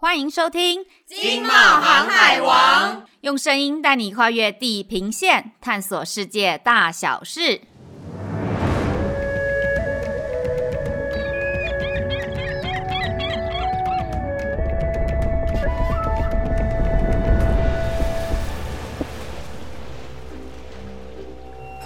歡迎收聽《經貿航海王》，用聲音帶你跨越地平線，探索世界大小事。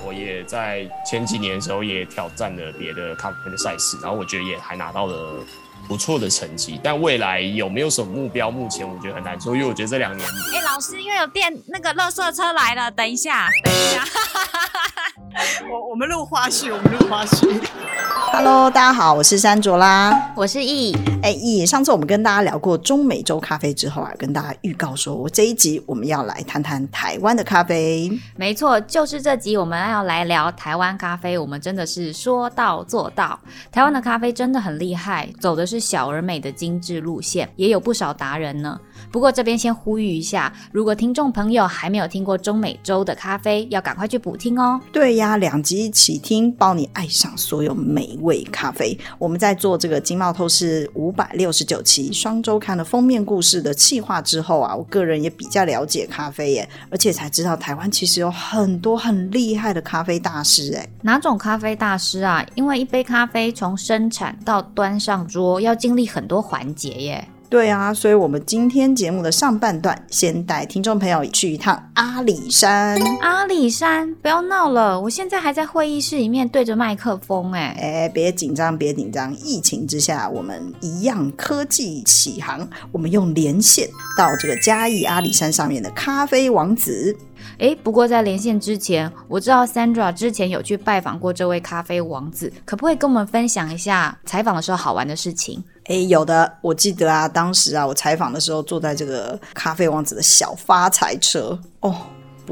我也在前幾年的時候也挑戰了別的咖啡的賽事，然後我覺得也還拿到了不錯的成績，但未來有沒有什麼目標？目前我覺得很難說，因為我覺得這兩年……哎，老師，因為有電那個垃圾車來了，等一下，等一下，哈哈哈哈我我們錄花絮，我們錄花絮。 Hello，大家好，我是山卓拉，我是 E，哎 E，上次我們跟大家聊過中美洲咖啡之後啊，跟大家預告說，我這一集我們要來談談台灣的咖啡。沒錯，就是這集我們要來聊台灣咖啡，我們真的是說到做到。台灣的咖啡真的很厲害，走的是小而美的精緻路線，也有不少達人呢。不過這邊先呼籲一下，如果聽眾朋友還沒有聽過中美洲的咖啡，要趕快去補聽哦。對呀，兩集一起聽，包你愛上所有美味咖啡。我們在做這個《經貿透視》五百六十九期雙周刊的封面故事的企劃之後啊，我個人也比較了解咖啡耶，而且才知道台灣其實有很多很厲害的咖啡大師哎。哪種咖啡大師啊？因為一杯咖啡從生產到端上桌，要經歷很多環節耶。對啊，所以我們今天節目的上半段，先帶聽眾朋友去一趟阿里山。阿里山，不要鬧了，我現在還在會議室裡面對着麥克風。哎哎，別緊張，別緊張，疫情之下，我們一樣科技起航，我們用連線到這個嘉義阿里山上面的咖啡王子。哎，不過在連線之前，我知道 Sandra 之前有去拜訪過這位咖啡王子，可不可以跟我們分享一下採訪的時候好玩的事情？哎，有的，我記得啊，當時啊，我採訪的時候坐在這個咖啡王子的小發財車哦。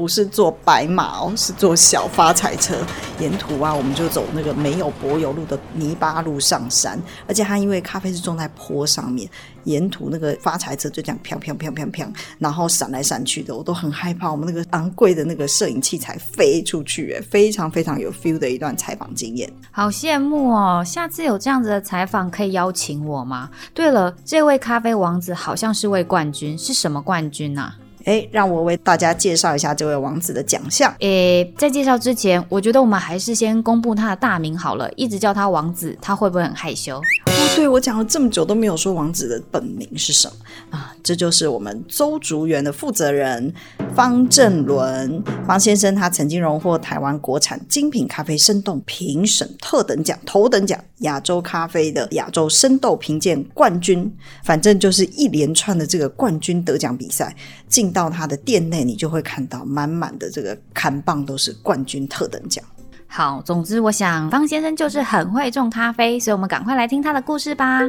不是坐白馬哦，是坐小發財車。沿途啊，我們就走那個沒有柏油路的泥巴路上山。而且它因為咖啡是種在坡上面，沿途那個發財車就這樣飄飄飄飄飄，然後閃來閃去的，我都很害怕我們那個昂貴的那個攝影器材飛出去，哎，非常非常有 feel 的一段採訪經驗。好羨慕哦！下次有這樣子的採訪，可以邀請我嗎？對了，這位咖啡王子好像是位冠軍，是什麼冠軍啊？哎，讓我為大家介紹一下這位王子的獎項。哎，在介紹之前，我覺得我們還是先公布他的大名好了，一直叫他王子，他會不會很害羞？對，我講了這麼久都沒有說王子的本名是什麼啊？這就是我們鄒築園的負責人方政倫方先生，他曾經榮獲台灣國產精品咖啡生豆評審特等獎、頭等獎，亞洲咖啡的亞洲生豆評鑑冠軍，反正就是一連串的這個冠軍得獎比賽。進到他的店內，你就會看到滿滿的這個看棒都是冠軍特等獎。好，總之我想方先生就是很會種咖啡，所以我們趕快來聽他的故事吧。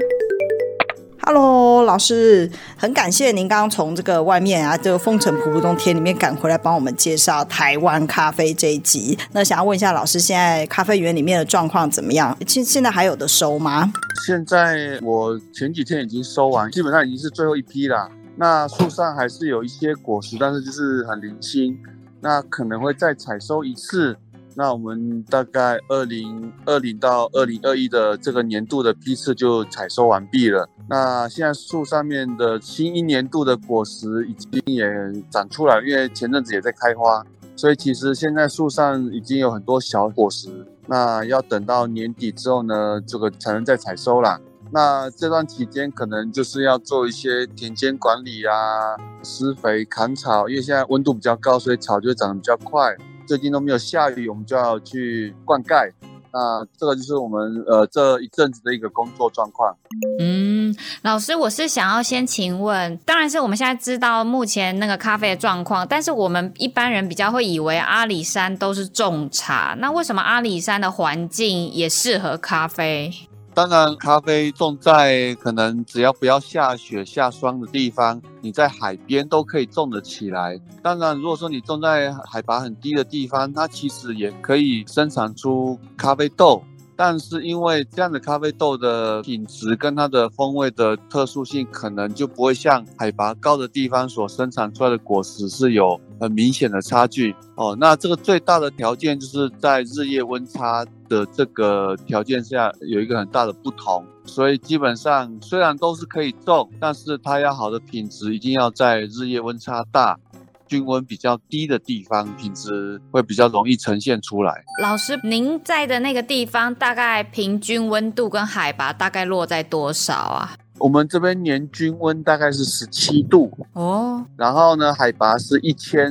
Hello，老師，很感謝您剛剛從這個外面啊，這個風塵僕僕冬天裡面趕回來幫我們介紹台灣咖啡這一集。那想要問一下老師，現在咖啡園裡面的狀況怎麼樣？現現在還有得收嗎？現在我前幾天已經收完，基本上已經是最後一批了。那樹上還是有一些果實，但是就是很零星，那可能會再採收一次。那我們大概二零二零到二零二一的這個年度的批次就採收完畢了。那現在樹上面的新一年度的果實已經也長出來，因為前陣子也在開花，所以其實現在樹上已經有很多小果實。那要等到年底之後呢，這個才能再採收啦。那這段期間可能就是要做一些田間管理啊，施肥、砍草，因為現在溫度比較高，所以草就會長得比較快。最近都沒有下雨，我們就要去灌溉。那、呃、這個就是我們呃這一陣子的一個工作狀況。嗯，老師，我是想要先請問，當然是我們現在知道目前那個咖啡的狀況，但是我們一般人比較會以為阿里山都是種茶，那為什麼阿里山的環境也適合咖啡？當然，咖啡種在可能只要不要下雪下霜的地方，你在海邊都可以種得起來。當然，如果說你種在海拔很低的地方，它其實也可以生產出咖啡豆，但是因為這樣的咖啡豆的品質跟它的風味的特殊性，可能就不會像海拔高的地方所生產出來的果實是有很明顯的差距哦。那這個最大的條件就是在日夜溫差。的這個條件下有一個很大的不同，所以基本上雖然都是可以種，但是它要好的品質一定要在日夜溫差大，均溫比較低的地方，品質會比較容易呈現出來。老師，您在的那個地方大概平均溫度跟海拔大概落在多少啊？我們這邊年均溫大概是十七度哦，然後呢，海拔是一千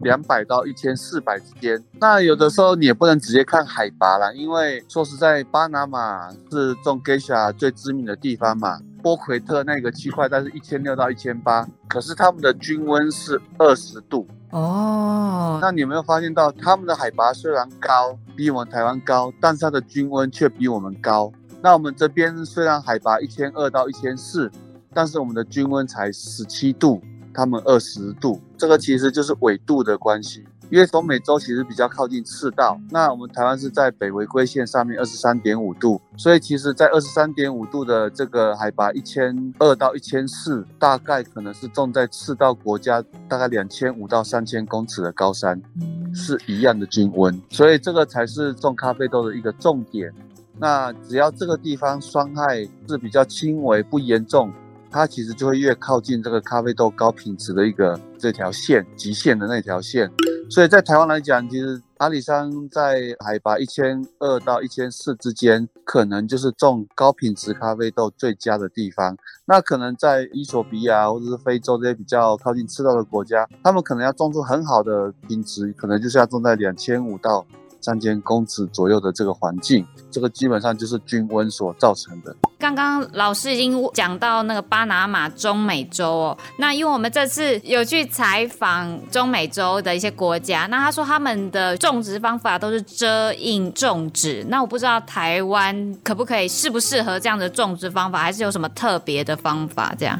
兩百到一千四百之間。那有的時候你也不能直接看海拔啦，因為說實在，巴拿馬是種 geisha 最知名的地方嘛。波奎特那個區塊，大概是一千六到一千八，可是他們的均溫是二十度哦。那你有沒有發現到，他們的海拔雖然高，比我們台灣高，但是它的均溫卻比我們高？那我們這邊雖然海拔一千二到一千四，但是我們的均溫才十七度，他們二十度，這個其實就是緯度的關係。因為中美洲其實比較靠近赤道，那我們台灣是在北回歸線上面二十三點五度，所以其實在二十三點五度的這個海拔一千二到一千四，大概可能是種在赤道國家大概兩千五到三千公尺的高山，是一樣的均溫，所以這個才是種咖啡豆的一個重點。那只要這個地方傷害是比較輕微不嚴重，它其實就會越靠近這個咖啡豆高品質的一個這條線極限的那條線。所以在台灣來講，其實阿里山在海拔一千二到一千四之間，可能就是種高品質咖啡豆最佳的地方。那可能在伊索比亞或者是非洲這些比較靠近赤道的國家，他們可能要種出很好的品質，可能就是要種在兩千五到三千公尺左右的這個環境，這個基本上就是均溫所造成的。剛剛老師已經講到那個巴拿馬中美洲哦，那因為我們這次有去採訪中美洲的一些國家，那他說他們的種植方法都是遮蔭種植，那我不知道台灣可不可以適不適合這樣的種植方法，還是有什麼特別的方法這樣？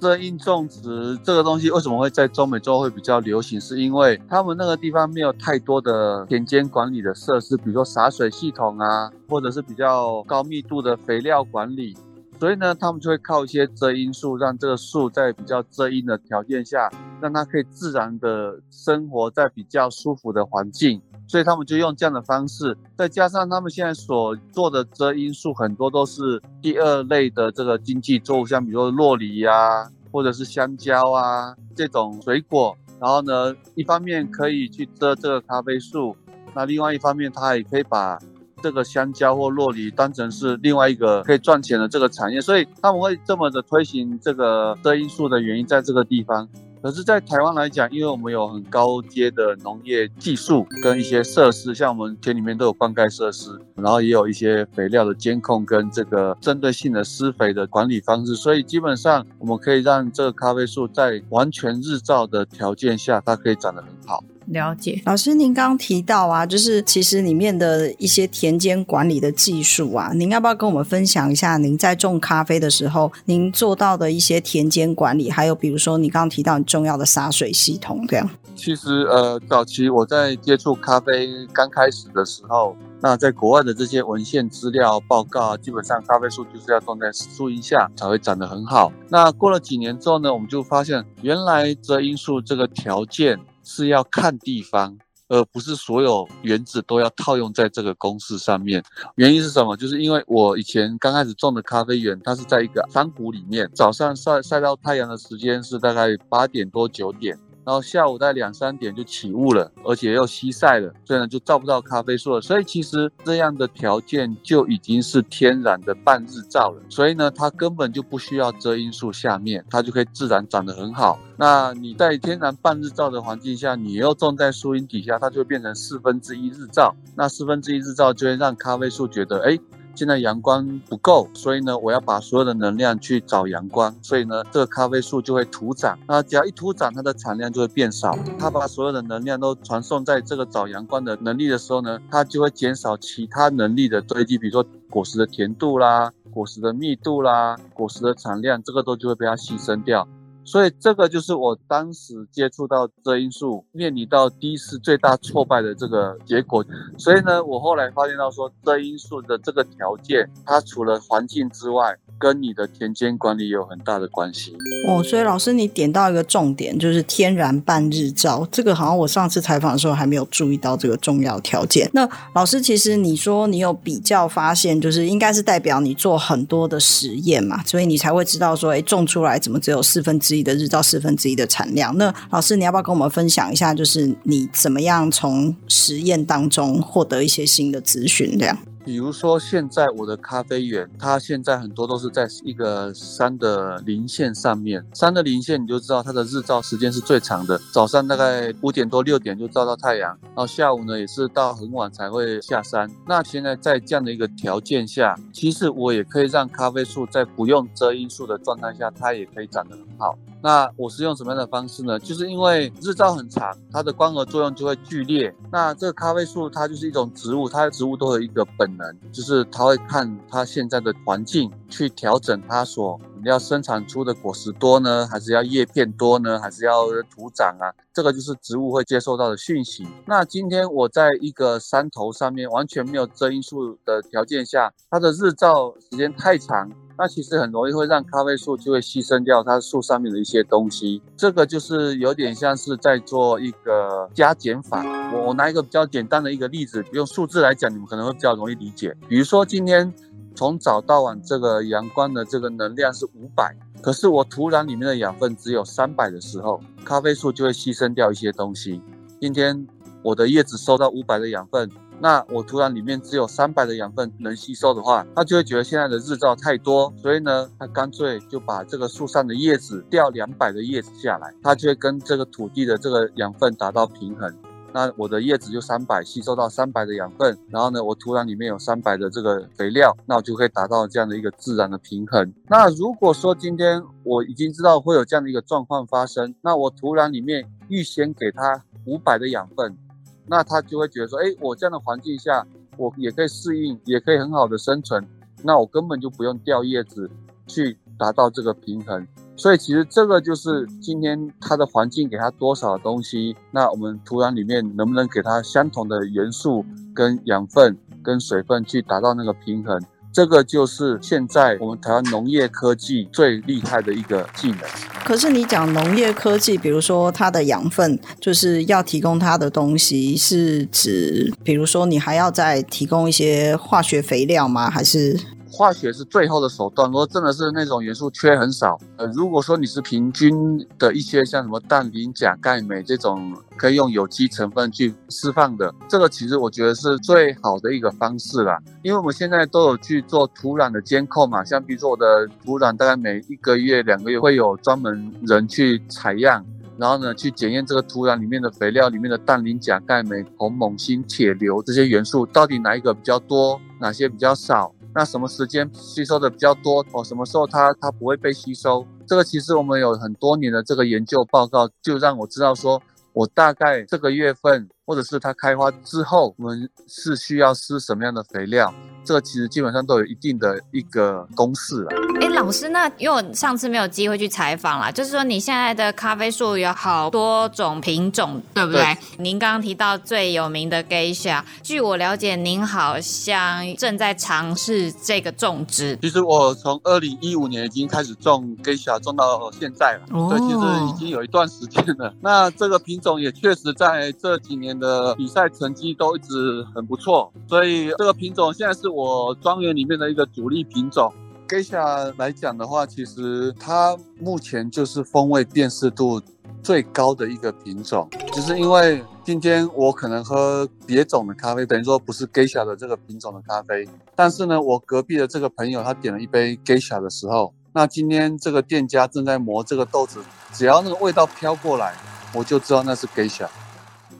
遮蔭種植這個東西為什麼會在中美洲會比較流行？是因為他們那個地方沒有太多的田間管理的設施，比如說灑水系統啊，或者是比較高密度的肥料管理，所以呢，他們就會靠一些遮蔭樹，讓這個樹在比較遮蔭的條件下，讓它可以自然的生活在比較舒服的環境。所以他們就用這樣的方式，再加上他們現在所做的遮蔭樹很多都是第二類的這個經濟作物，像比如說酪梨啊，或者是香蕉啊這種水果。然後呢，一方面可以去遮這個咖啡樹，那另外一方面它也可以把這個香蕉或酪梨當成是另外一個可以賺錢的這個產業。所以他們會這麼的推行這個遮蔭樹的原因，在這個地方。可是，在台灣來講，因為我們有很高階的農業技術跟一些設施，像我們田裡面都有灌溉設施，然後也有一些肥料的監控跟這個針對性的施肥的管理方式，所以基本上我們可以讓這個咖啡樹在完全日照的條件下，它可以長得很好。了解，老師，您剛剛提到啊，就是其實裡面的一些田間管理的技術啊，您要不要跟我們分享一下？您在種咖啡的時候，您做到的一些田間管理，還有比如說你剛剛提到。重要的灑水系統，這樣。其實，呃，早期我在接觸咖啡剛開始的時候，那在國外的這些文獻資料報告，基本上咖啡樹就是要種在樹蔭下才會長得很好。那過了幾年之後呢，我們就發現原來這因素這個條件是要看地方。而不是所有原子都要套用在這個公式上面，原因是什麼？就是因為我以前剛開始種的咖啡園，它是在一個山谷裡面，早上曬曬到太陽的時間是大概八點多九點，然後下午在兩三點就起霧了，而且又西曬了，所以呢就照不到咖啡樹了。所以其實這樣的條件就已經是天然的半日照了。所以呢它根本就不需要遮陰樹下面，它就可以自然長得很好。那你在天然半日照的環境下，你又種在樹蔭底下，它就會變成四分之一日照。那四分之一日照就會讓咖啡樹覺得哎。誒現在陽光不夠，所以呢，我要把所有的能量去找陽光，所以呢，這個咖啡樹就會徒長。那只要一徒長，它的產量就會變少。它把所有的能量都傳送在這個找陽光的能力的時候呢，它就會減少其他能力的堆積，比如說果實的甜度啦，果實的密度啦，果實的產量，這個都就會被它犧牲掉。所以這個就是我當時接觸到遮陰樹，面臨到第一次最大挫敗的這個結果。所以呢，我後來發現到說遮陰樹的這個條件，它除了環境之外，跟你的田間管理有很大的關係。哦，所以老師你點到一個重點，就是天然半日照，這個好像我上次採訪的時候還沒有注意到這個重要條件。那老師，其實你說你有比較發現，就是應該是代表你做很多的實驗嘛，所以你才會知道說，哎，種出來怎麼只有四分之。自己的日照四分之一的產量，那老師你要不要跟我們分享一下，就是你怎麼樣從實驗當中獲得一些新的資訊？這樣。比如說，現在我的咖啡園，它現在很多都是在一個山的林線上面。山的林線，你就知道它的日照時間是最長的，早上大概五點多六點就照到太陽，然後下午呢也是到很晚才會下山。那現在在這樣的一個條件下，其實我也可以讓咖啡樹在不用遮陰樹的狀態下，它也可以長得很好。那我是用什麼樣的方式呢？就是因為日照很長，它的光合作用就會劇烈。那這個咖啡樹它就是一種植物，它的植物都有一個本能，就是它會看它現在的環境去調整它所要生產出的果實多呢，還是要葉片多呢，還是要徒長啊？這個就是植物會接收到的訊息。那今天我在一個山頭上面完全沒有遮陰樹的條件下，它的日照時間太長。那其實很容易會讓咖啡樹就會犧牲掉它樹上面的一些東西，這個就是有點像是在做一個加減法。我我拿一個比較簡單的一個例子，用數字來講，你們可能會比較容易理解。比如說今天從早到晚，這個陽光的這個能量是五百，可是我土壤裡面的養分只有三百的時候，咖啡樹就會犧牲掉一些東西。今天我的葉子收到五百的養分，那我土壤裡面只有三百的養分能吸收的話，它就會覺得現在的日照太多，所以呢，它乾脆就把這個樹上的葉子掉兩百的葉子下來，它就會跟這個土地的這個養分達到平衡。那我的葉子就三百，吸收到三百的養分，然後呢，我土壤裡面有三百的這個肥料，那我就可以達到這樣的一個自然的平衡。那如果說今天我已經知道會有這樣的一個狀況發生，那我土壤裡面預先給它五百的養分。那他就會覺得說，哎，我這樣的環境下，我也可以適應，也可以很好的生存，那我根本就不用掉葉子去達到這個平衡。所以其實這個就是今天它的環境給它多少的東西，那我們土壤裡面能不能給它相同的元素、跟養分、跟水分去達到那個平衡？這個就是現在我們台灣農業科技最厲害的一個技能。可是你講農業科技，比如說它的養分，就是要提供它的東西，是指，比如說你還要再提供一些化學肥料嗎？還是？化學是最後的手段。如果真的是那種元素缺很少，呃，如果說你是平均的一些，像什麼氮、磷、鉀、鈣、鎂這種，可以用有機成分去釋放的，這個其實我覺得是最好的一個方式啦，因為我們現在都有去做土壤的監控嘛，像比如說我的土壤，大概每一個月、兩個月會有專門人去採樣，然後呢去檢驗這個土壤裡面的肥料裡面的氮、磷、鉀、鈣、鎂、硼、錳、鋅、鐵、硫這些元素到底哪一個比較多，哪些比較少。那什麼時間吸收的比較多？哦，什麼時候它它不會被吸收？這個其實我們有很多年的這個研究報告，就讓我知道說，我大概這個月份。或者是它開花之後，我們是需要施什麼樣的肥料？這個其實基本上都有一定的一個公式了，啊。哎、欸，老師，那因為我上次沒有機會去採訪啦，就是說你現在的咖啡樹有好多種品種，對不對？對。您剛剛提到最有名的 Geisha，據我了解，您好像正在嘗試這個種植。其實我從二零一五年已經開始種 Geisha，種到現在了，哦，對，其實已經有一段時間了。那這個品種也確實在這幾年的比賽成績都一直很不錯，所以這個品種現在是我莊園裡面的一個主力品種。Geisha 來講的話，其實它目前就是風味辨識度最高的一個品種。只是因為今天我可能喝別種的咖啡，等於說不是 Geisha 的這個品種的咖啡，但是呢，我隔壁的這個朋友他點了一杯 Geisha 的時候，那今天這個店家正在磨這個豆子，只要那個味道飄過來，我就知道那是 Geisha。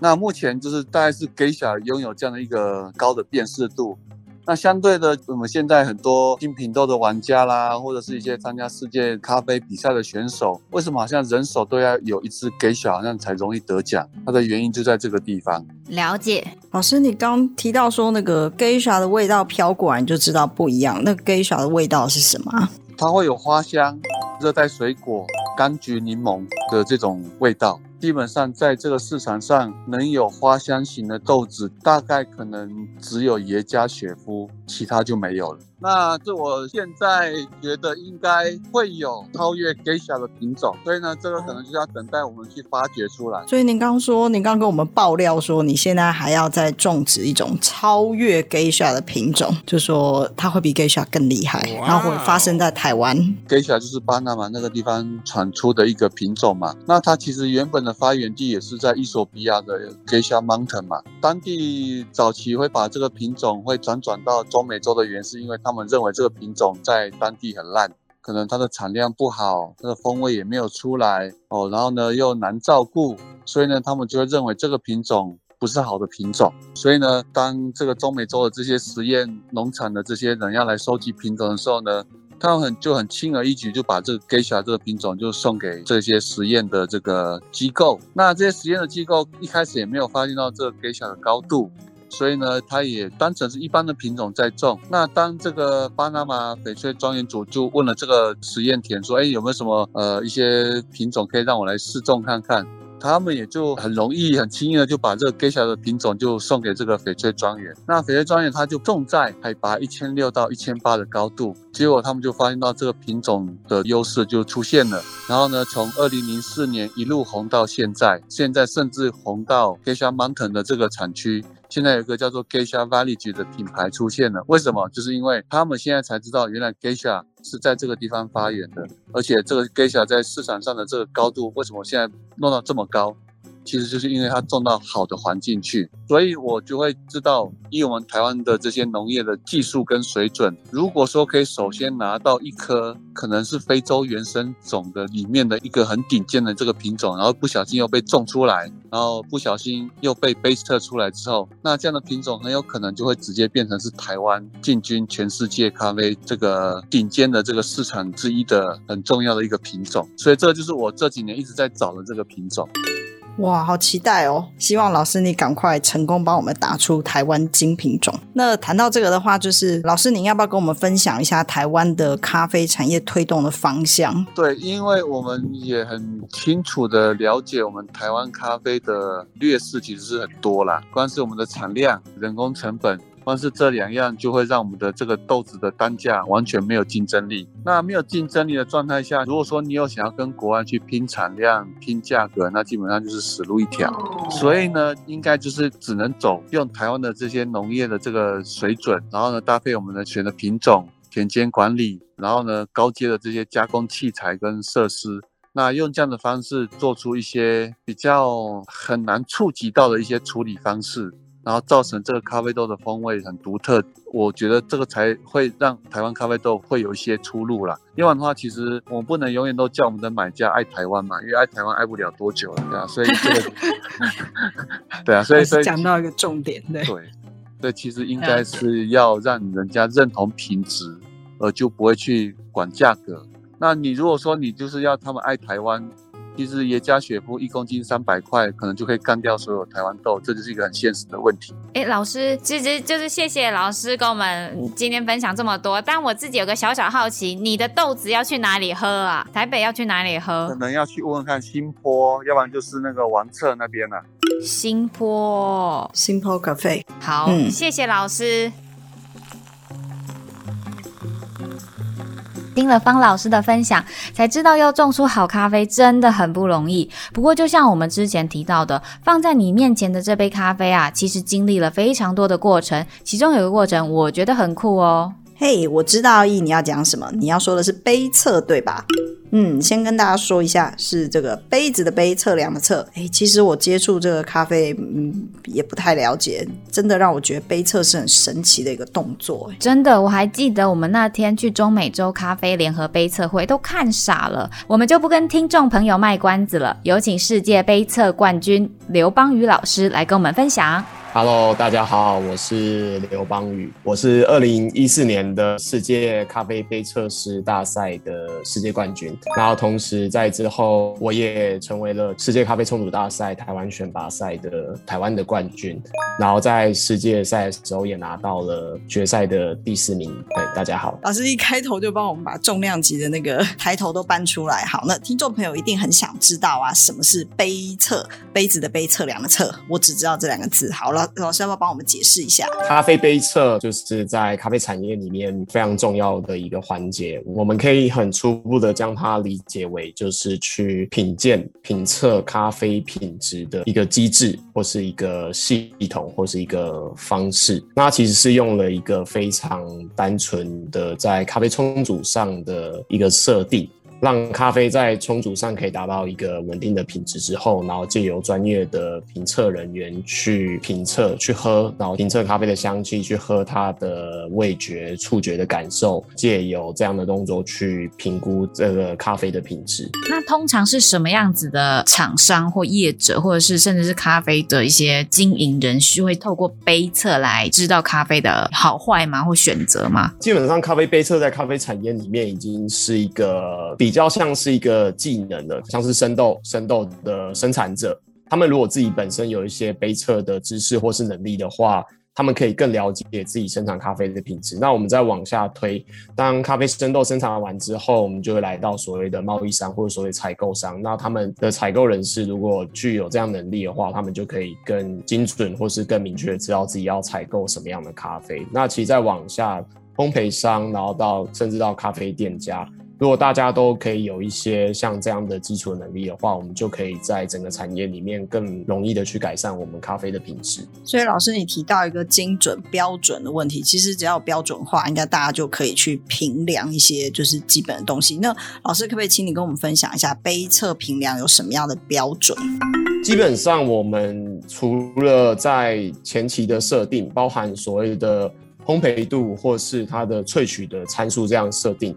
那目前就是大概是藝妓擁有這樣的一個高的辨識度，那相對的，我們現在很多精品豆的玩家啦，或者是一些參加世界咖啡比賽的選手，為什麼好像人手都要有一支藝妓，好像才容易得獎？它的原因就在這個地方。了解，老師，你剛提到說那個藝妓的味道飄過來你就知道不一樣，那藝妓的味道是什麼？它會有花香、熱帶水果、柑橘、檸檬的這種味道。基本上在這個市場上，能有花香型的豆子，大概可能只有耶加雪夫。其他就沒有了。那這我現在覺得應該會有超越 Geisha 的品種，所以呢，這個可能就要等待我們去發掘出來。所以您剛說，您剛跟我們爆料說，你現在還要再種植一種超越 Geisha 的品種，就說它會比 Geisha 更厲害，然、wow、後會發生在台灣。Geisha 就是巴拿馬那個地方產出的一個品種嘛。那它其實原本的發源地也是在伊索比亞的 Geisha Mountain 嘛。當地早期會把這個品種會輾轉到。中美洲的原因是因為他們認為這個品種在當地很爛，可能它的產量不好，它的風味也沒有出來哦，然後呢又難照顧，所以呢他們就會認為這個品種不是好的品種。所以呢，當這個中美洲的這些實驗農場的這些人要來收集品種的時候呢，他們很就很輕而易舉就把這個藝妓這個品種就送給這些實驗的這個機構。那這些實驗的機構一開始也沒有發現到這個藝妓的高度。所以呢，它也單純是一般的品種在種。那當這個巴拿馬翡翠莊園主就問了這個實驗田，說：“誒、哎、有沒有什麼呃一些品種可以讓我來試種看看？”他們也就很容易、很輕易的就把這個 Geisha 的品種就送給這個翡翠莊園。那翡翠莊園它就種在海拔一千六到一千八的高度，結果他們就發現到這個品種的優勢就出現了。然後呢，從二零零四年一路紅到現在，現在甚至紅到 Geisha Mountain 的這個產區。現在有一個叫做 Geisha Village 的品牌出現了，為什麼？就是因為他們現在才知道，原來 Geisha 是在這個地方發源的，而且這個 Geisha 在市場上的這個高度，為什麼現在弄到這麼高？其實就是因為它種到好的環境去，所以我就會知道，以我們台灣的這些農業的技術跟水準，如果說可以首先拿到一顆可能是非洲原生種的裡面的一個很頂尖的這個品種，然後不小心又被種出來，然後不小心又被杯測出來之後，那這樣的品種很有可能就會直接變成是台灣進軍全世界咖啡這個頂尖的這個市場之一的很重要的一個品種，所以這就是我這幾年一直在找的這個品種。哇，好期待哦！希望老師你趕快成功幫我們打出台灣精品種。那談到這個的話，就是老師您要不要跟我們分享一下台灣的咖啡產業推動的方向？對，因為我們也很清楚的了解，我們台灣咖啡的劣勢其實是很多啦。光是我們的產量、人工成本。光是這兩樣就會讓我們的這個豆子的單價完全沒有競爭力。那沒有競爭力的狀態下，如果說你有想要跟國外去拼產量、拼價格，那基本上就是死路一條。所以呢，應該就是只能走用台灣的這些農業的這個水準，然後呢搭配我們的選的品種、田間管理，然後呢高階的這些加工器材跟設施。那用這樣的方式做出一些比較很難觸及到的一些處理方式。然後造成這個咖啡豆的風味很獨特，我覺得這個才會讓台灣咖啡豆會有一些出路啦。另外的話，其實我們不能永遠都叫我們的買家愛台灣嘛，因為愛台灣愛不了多久了，對啊，所以這個，對啊，所以所以講到一個重點，對，對，對，其實應該是要讓人家認同品質，而就不會去管價格。那你如果說你就是要他們愛台灣。其實耶加雪菲一公斤三百塊，可能就可以幹掉所有台灣豆，這就是一個很現實的問題。誒，老師，其實就是謝謝老師跟我們今天分享這麼多、嗯。但我自己有個小小好奇，你的豆子要去哪裡喝啊？台北要去哪裡喝？可能要去問問看新坡，要不然就是那個王策那邊了、啊。新坡，新坡咖啡。好，嗯、謝謝老師。聽了方老師的分享，才知道要種出好咖啡真的很不容易。不過，就像我們之前提到的，放在你面前的這杯咖啡啊，其實經歷了非常多的過程。其中有個過程，我覺得很酷哦。嘿、hey，我知道一你要講什麼，你要說的是杯測對吧？嗯，先跟大家說一下，是這個杯子的杯，測量的測。誒、欸，其實我接觸這個咖啡，嗯，也不太了解，真的讓我覺得杯測是很神奇的一個動作，欸。真的，我還記得我們那天去中美洲咖啡聯合杯測會都看傻了。我們就不跟聽眾朋友賣關子了，有請世界杯測冠軍劉邦禹老師來跟我們分享。Hello，大家好，我是劉邦禹，我是二零一四年的世界咖啡杯測師大賽的世界冠軍，然後同時在之後，我也成為了世界咖啡沖煮大賽台灣選拔賽的台灣的冠軍，然後在世界賽的時候也拿到了決賽的第四名。對，大家好，老師一開頭就幫我們把重量級的那個抬頭都搬出來。好，那聽眾朋友一定很想知道啊，什麼是杯測？杯子的杯，測量的測。我只知道這兩個字。好了。老師要不要幫我們解釋一下？咖啡杯測就是在咖啡產業裡面非常重要的一個環節。我們可以很初步的將它理解為，就是去品鑑、品測咖啡品質的一個機制，或是一個系統，或是一個方式。那其實是用了一個非常單純的在咖啡沖煮上的一個設定。讓咖啡在沖煮上可以達到一個穩定的品質之後，然後借由專業的評測人員去評測、去喝，然後評測咖啡的香氣，去喝它的味覺、觸覺的感受，借由這樣的動作去評估這個咖啡的品質。那通常是什麼樣子的廠商或業者，或者是甚至是咖啡的一些經營人，需會透過杯測來知道咖啡的好壞嗎？或選擇嗎？基本上，咖啡杯測在咖啡產業裡面已經是一個比比較像是一個技能的，像是生豆、生豆的生產者，他們如果自己本身有一些杯測的知識或是能力的話，他們可以更了解自己生產咖啡的品質。那我們再往下推，當咖啡生豆生產完之後，我們就會來到所謂的貿易商或者所謂採購商。那他們的採購人士如果具有這樣能力的話，他們就可以更精準或是更明確知道自己要採購什麼樣的咖啡。那其實再往下，烘焙商，然後到甚至到咖啡店家。如果大家都可以有一些像這樣的基礎的能力的話，我們就可以在整個產業裡面更容易的去改善我們咖啡的品質。所以，老師你提到一個精準標準的問題，其實只要有標準化，應該大家就可以去評量一些就是基本的東西。那老師，可不可以請你跟我們分享一下杯測評量有什麼樣的標準？基本上，我們除了在前期的設定，包含所謂的烘焙度或是它的萃取的參數這樣設定。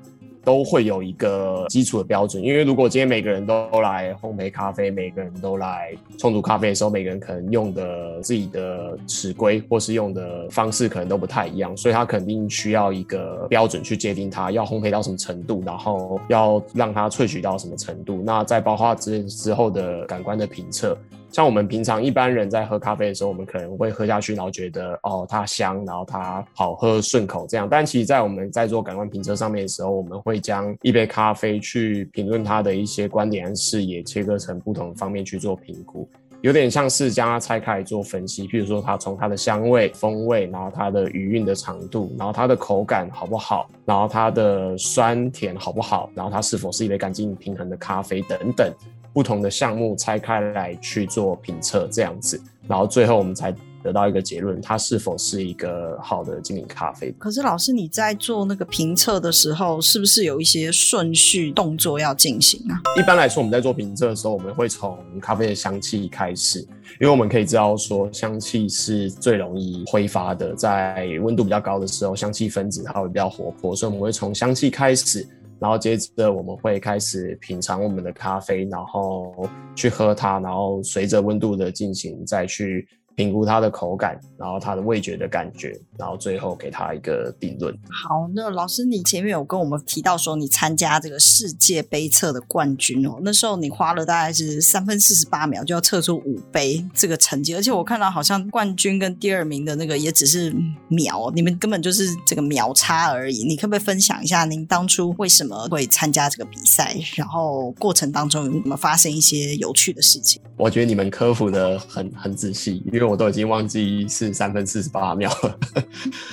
都會有一個基礎的標準，因為如果今天每個人都來烘焙咖啡，每個人都來沖煮咖啡的時候，每個人可能用的自己的尺規，或是用的方式，可能都不太一樣，所以它肯定需要一個標準去界定它要烘焙到什麼程度，然後要讓它萃取到什麼程度。那在包括之之後的感官的評測。像我們平常一般人在喝咖啡的時候，我們可能會喝下去，然後覺得哦它香，然後它好喝順口這樣。但其實，在我們在做感官評測上面的時候，我們會將一杯咖啡去評論它的一些觀點和視野，切割成不同方面去做評估，有點像是將它拆開做分析。譬如說，它從它的香味、風味，然後它的餘韻的長度，然後它的口感好不好，然後它的酸甜好不好，然後它是否是一杯乾淨平衡的咖啡等等。不同的項目拆開來去做評測，這樣子，然後最後我們才得到一個結論，它是否是一個好的精品咖啡。可是老師，你在做那個評測的時候，是不是有一些順序動作要進行啊？一般來說，我們在做評測的時候，我們會從咖啡的香氣開始，因為我們可以知道說香氣是最容易揮發的，在溫度比較高的時候，香氣分子它會比較活潑，所以我們會從香氣開始。然後接着我們會開始品嘗我們的咖啡，然後去喝它，然後隨着溫度的進行再去。評估它的口感，然後它的味覺的感覺，然後最後給它一個定論。好，那老師，你前面有跟我們提到說你參加這個世界杯測的冠軍哦，那時候你花了大概是三分四十八秒就要測出五杯這個成績，而且我看到好像冠軍跟第二名的那個也只是秒，你們根本就是這個秒差而已。你可不可以分享一下您當初為什麼會參加這個比賽？然後過程當中有沒有發生一些有趣的事情？我覺得你們科普的很很仔細，因為。我都已經忘記是三分四十八秒了。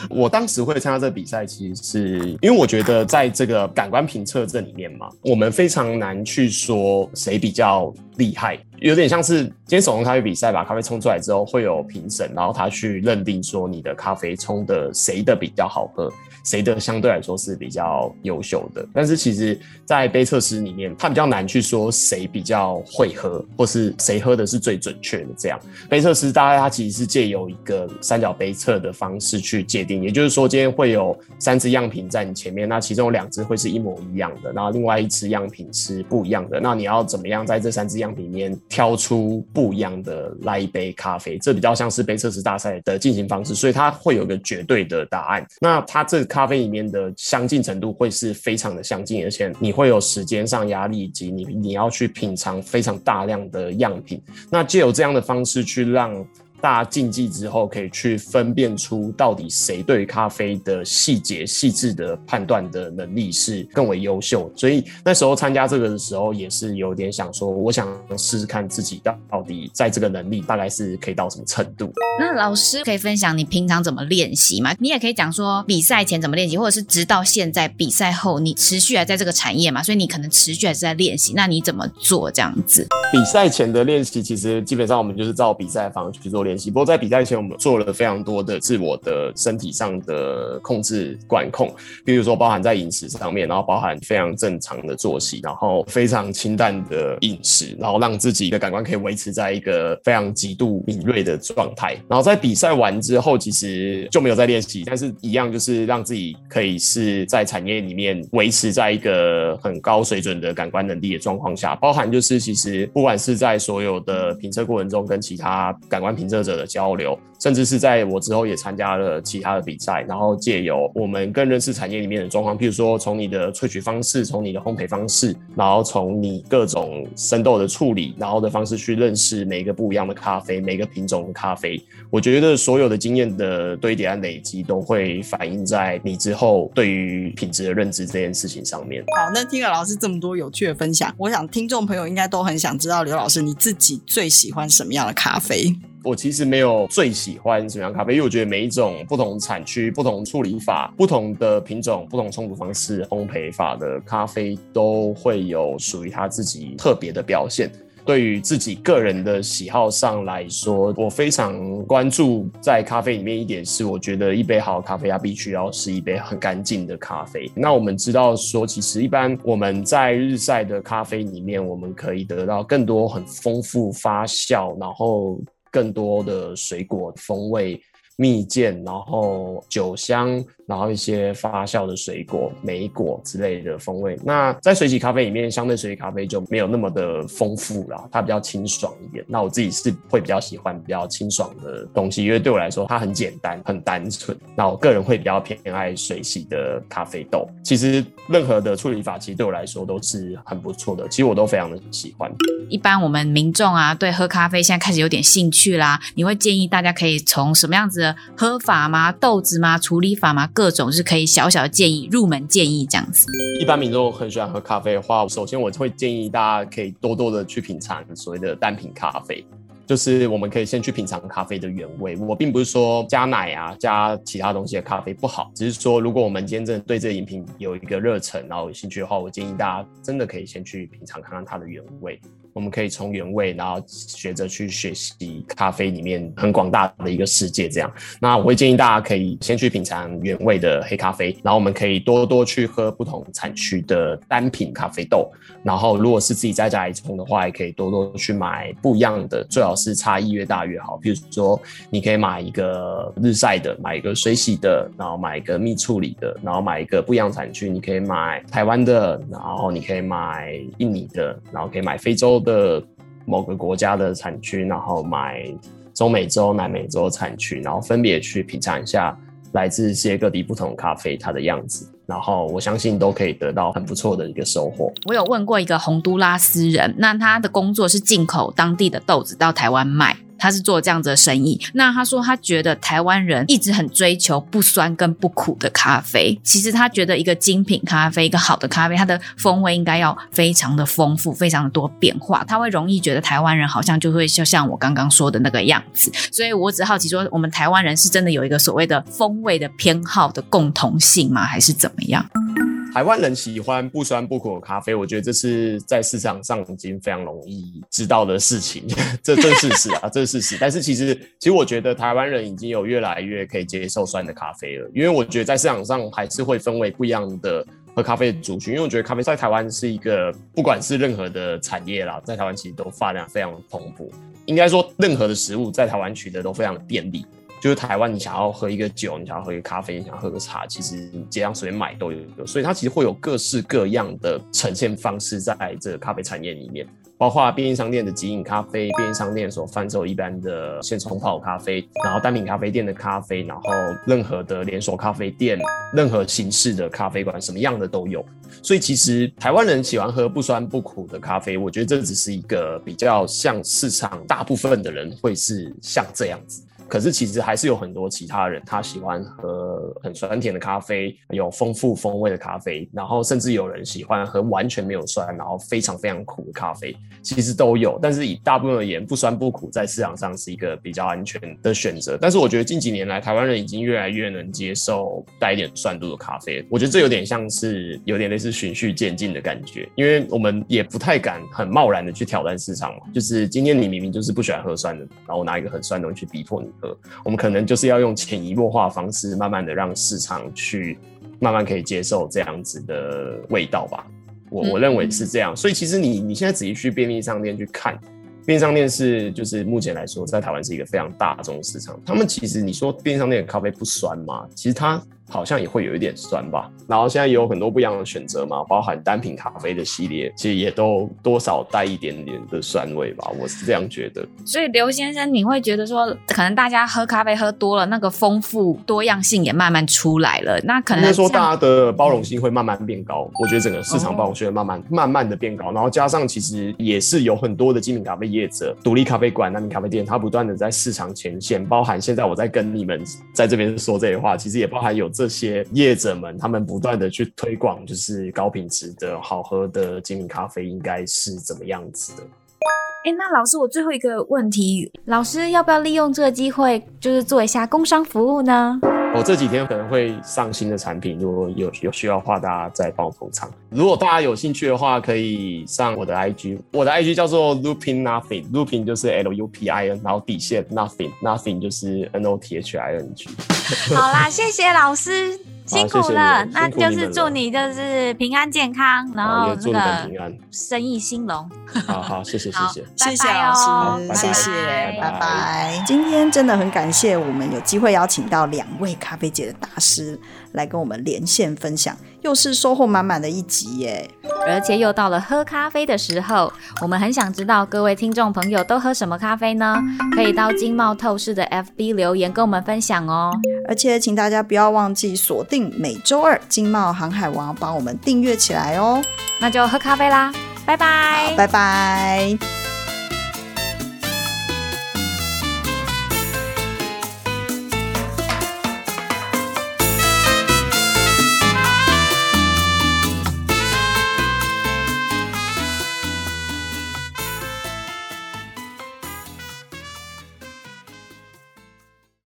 我當時會參加這個比賽，其實是因為我覺得在這個感官評測這裡面嘛，我們非常難去說誰比較厲害，有點像是今天手沖咖啡比賽，把咖啡沖出來之後會有評審，然後他去認定說你的咖啡沖的誰的比較好喝。誰的相對來說是比較優秀的，但是其實在杯測師裡面，他比較難去說誰比較會喝，或是誰喝的是最準確的這樣。杯測師大概他其實是借由一個三角杯測的方式去界定，也就是說今天會有三支樣品在你前面，那其中有兩支會是一模一樣的，然後另外一支樣品是不一樣的。那你要怎麼樣在這三支樣品裡面挑出不一樣的來一杯咖啡。這比較像是杯測師大賽的進行方式，所以它會有一個絕對的答案。那它這個咖啡裡面的相近程度會是非常的相近，而且你會有時間上壓力，以及你你要去品嚐非常大量的樣品。那借由這樣的方式去讓大家競技之後，可以去分辨出到底誰對咖啡的細節、細緻的判斷的能力是更為優秀。所以那時候參加這個的時候，也是有點想說，我想試試看自己到底在這個能力大概是可以到什麼程度。那老師可以分享你平常怎麼練習嗎？你也可以講說比賽前怎麼練習，或者是直到現在比賽後，你持續還在這個產業嘛？所以你可能持續還是在練習。那你怎麼做這樣子？比賽前的練習，其實基本上我們就是照比賽方去做練。不過在比賽前，我們做了非常多的自我的身體上的控制管控，比如說包含在飲食上面，然後包含非常正常的作息，然後非常清淡的飲食，然後讓自己的感官可以維持在一個非常極度敏銳的狀態。然後在比賽完之後，其實就沒有再練習，但是一樣就是讓自己可以是在產業裡面維持在一個很高水準的感官能力的狀況下，包含就是其實不管是在所有的評測過程中，跟其他感官評測者的交流，甚至是在我之後也參加了其他的比賽，然後借由我們更認識產業裡面的狀況，譬如說從你的萃取方式，從你的烘焙方式，然後從你各種生豆的處理，然後的方式去認識每一個不一樣的咖啡，每個品種的咖啡。我覺得所有的經驗的堆疊和累積，都會反映在你之後對於品質的認知這件事情上面。好，wow，那聽了老師這麼多有趣的分享，我想聽眾朋友應該都很想知道劉老師你自己最喜歡什麼樣的咖啡？我其實沒有最喜歡什麼樣咖啡，因為我覺得每一種不同產區、不同處理法、不同的品種、不同沖煮方式、烘焙法的咖啡都會有屬於它自己特別的表現。對於自己個人的喜好上來說，我非常關注在咖啡裡面一點是，我覺得一杯好咖啡它必須要是一杯很乾淨的咖啡。那我們知道說，其實一般我們在日曬的咖啡裡面，我們可以得到更多很豐富發酵，然後。更多的水果風味。蜜餞，然後酒香，然後一些發酵的水果、莓果之類的風味。那在水洗咖啡裡面，相對水洗咖啡就沒有那麼的豐富了，它比較清爽一點。那我自己是會比較喜歡比較清爽的東西，因為對我來說它很簡單、很單純。那我個人會比較偏愛水洗的咖啡豆。其實任何的處理法，其實對我來說都是很不錯的，其實我都非常的喜歡。一般我們民眾啊，對喝咖啡現在開始有點興趣啦，你會建議大家可以從什麼樣子？喝法嗎？豆子嗎？處理法嗎？各種是可以小小的建議，入門建議這樣子。一般民眾很喜歡喝咖啡的話，首先我會建議大家可以多多的去品嘗所謂的單品咖啡，就是我們可以先去品嘗咖啡的原味。我並不是說加奶啊、加其他東西的咖啡不好，只是說如果我們今天真的對這個飲品有一個熱忱，然後有興趣的話，我建議大家真的可以先去品嘗看看它的原味。我們可以從原味，然後學着去學習咖啡裡面很廣大的一個世界。這樣，那我會建議大家可以先去品嘗原味的黑咖啡，然後我們可以多多去喝不同產區的單品咖啡豆。然後，如果是自己在家裡沖的話，也可以多多去買不一樣的，最好是差異越大越好。比如說，你可以買一個日曬的，買一個水洗的，然後買一個蜜處理的，然後買一個不一樣產區。你可以買台灣的，然後你可以買印尼的，然後可以買非洲的的某個國家的產區，然後買中美洲、南美洲產區，然後分別去品嚐一下來自世界各地不同咖啡它的樣子，然後我相信都可以得到很不錯的一個收穫。我有問過一個洪都拉斯人，那他的工作是進口當地的豆子到台灣賣。他是做這樣子的生意，那他說他覺得台灣人一直很追求不酸跟不苦的咖啡。其實他覺得一個精品咖啡，一個好的咖啡，它的風味應該要非常的豐富，非常的多變化。他會容易覺得台灣人好像就會就像我剛剛說的那個樣子。所以我只好奇說，我們台灣人是真的有一個所謂的風味的偏好的共同性嗎？還是怎麼樣？台灣人喜歡不酸不苦的咖啡，我覺得這是在市場上已經非常容易知道的事情，呵呵，這這事實啊， 這是事實。但是其實，其實我覺得台灣人已經有越來越可以接受酸的咖啡了，因為我覺得在市場上還是會分為不一樣的喝咖啡的族群，因為我覺得咖啡在台灣是一個不管是任何的產業啦，在台灣其實都發展非常蓬勃，應該說任何的食物在台灣取得都非常的便利。就是台灣，你想要喝一個酒，你想要喝一個咖啡，你想要喝個茶，其實你街上隨便買都有。所以它其實會有各式各樣的呈現方式在這個咖啡產業裡面，包括便利商店的即飲咖啡、便利商店所販售一般的現沖泡咖啡、然後單品咖啡店的咖啡、然後任何的連鎖咖啡店、任何形式的咖啡館，什麼樣的都有。所以其實台灣人喜歡喝不酸不苦的咖啡，我覺得這只是一個比較像市場大部分的人會是像這樣子。可是其實還是有很多其他人，他喜歡喝很酸甜的咖啡，有豐富風味的咖啡，然後甚至有人喜歡喝完全沒有酸，然後非常非常苦的咖啡，其實都有。但是以大部分而言，不酸不苦，在市場上是一個比較安全的選擇。但是我覺得近幾年來，台灣人已經越來越能接受帶一點酸度的咖啡。我覺得這有點像是有點類似循序漸進的感覺，因為我們也不太敢很貿然的去挑戰市場嘛。就是今天你明明就是不喜歡喝酸的，然後我拿一個很酸的東西去逼迫你。我們可能就是要用潛移默化的方式，慢慢的讓市場去慢慢可以接受這樣子的味道吧。我我認為是這樣，所以其實你你現在直接去便利商店去看，便利商店是就是目前來說在台灣是一個非常大眾市場。他們其實你說便利商店的咖啡不酸嗎？其實它。好像也會有一點酸吧，然後現在也有很多不一樣的選擇嘛，包含單品咖啡的系列，其實也都多少帶一點點的酸味吧，我是這樣覺得。所以劉先生，你會覺得說，可能大家喝咖啡喝多了，那個豐富多樣性也慢慢出來了，那可能說大家的包容性會慢慢變高。嗯，我覺得整個市場包容性會慢慢，oh. 慢慢的變高，然後加上其實也是有很多的精品咖啡業者、獨立咖啡館、難民咖啡店，它不斷的在市場前線，包含現在我在跟你們在這邊說這些話，其實也包含有這。這些業者們，他們不斷地去推廣，就是高品質的好喝的精品咖啡，應該是怎麼樣子的？哎、欸，那老師，我最後一個問題，老師要不要利用這個機會，就是做一下工商服務呢？我、哦、這幾天可能會上新的產品，如果有有需要的話，大家再幫我捧場。如果大家有興趣的話，可以上我的 IG，我的 IG 叫做 Lupin Nothing，Lupin 就是 L U P I N，然後底線 Nothing，Nothing Nothing 就是 N O T H I N G。 好啦，謝謝老師，辛苦了、啊謝謝。那就是祝你就是平安健康，然後那個、啊、生意興隆。 好好，謝謝謝謝拜拜、哦，謝謝老師拜拜，謝謝，拜拜。今天真的很感謝我們有機會邀請到兩位咖啡界的大師。來跟我們連線分享，又是收穫滿滿的一集耶！而且又到了喝咖啡的時候，我們很想知道各位聽眾朋友都喝什麼咖啡呢？可以到經貿透視的 FB 留言跟我們分享哦！而且請大家不要忘記鎖定每周二經貿航海王，幫我們訂閱起來哦！那就喝咖啡啦，拜拜，拜拜。